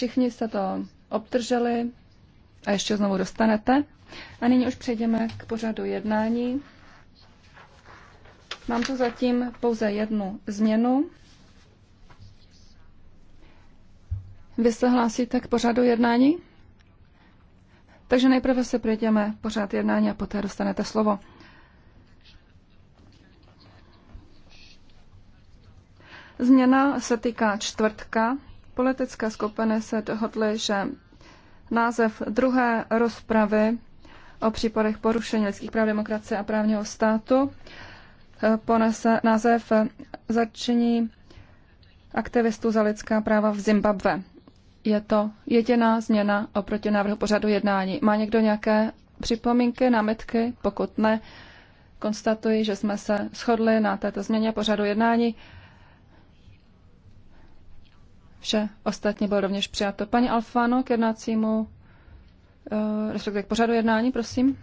Všichni jste to obdrželi a ještě znovu dostanete. A nyní už přejdeme k pořadu jednání. Mám tu zatím pouze jednu změnu. Vy se hlásíte k pořadu jednání? Takže nejprve se projdeme pořád jednání a poté dostanete slovo. Změna se týká čtvrtka politické skupiny se dohodly, že název druhé rozpravy o případech porušení lidských práv demokracie a právního státu eh, ponese název Začení aktivistů za lidská práva v Zimbabve. Je to jediná změna oproti návrhu pořadu jednání. Má někdo nějaké připomínky, námitky? Pokud ne, konstatuji, že jsme se shodli na této změně pořadu jednání. Vše Ostatně bylo rovněž přijato. Paní Alfano k jednacímu, eh, respektive k pořadu jednání, prosím.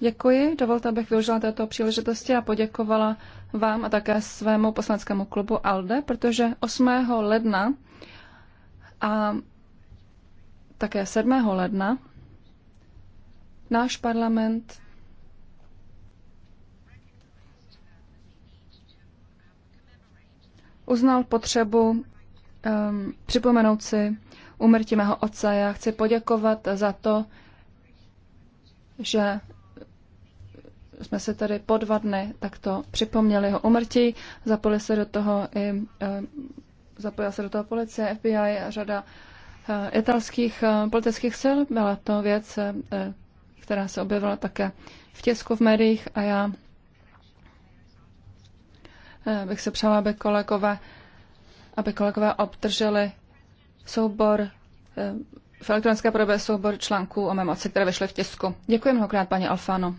Děkuji. Dovolte, abych využila této příležitosti a poděkovala vám a také svému poslaneckému klubu ALDE, protože 8. ledna a také 7. ledna náš parlament uznal potřebu um, připomenout si umrtí mého otce. Já chci poděkovat za to, že jsme se tady po dva dny takto připomněli jeho umrtí. Zapojili se do toho i ehm, zapojila se do toho policie, FBI a řada eh, italských eh, politických sil. Byla to věc, eh, která se objevila také v tisku v médiích a já Eh, bych se přála, aby kolegové, aby kolegové obdrželi soubor eh, v elektronické podobě soubor článků o mém které vyšly v tisku. Děkuji mnohokrát, paní Alfano.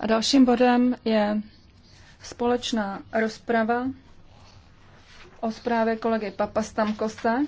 A dalším bodem je společná rozprava o zprávě kolegy Papastamkose.